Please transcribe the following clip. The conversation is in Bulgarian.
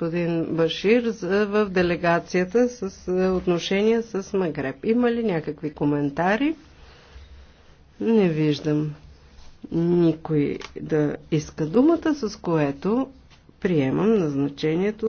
господин Башир в делегацията с е, отношения с Магреб. Има ли някакви коментари? Не виждам никой да иска думата, с което приемам назначението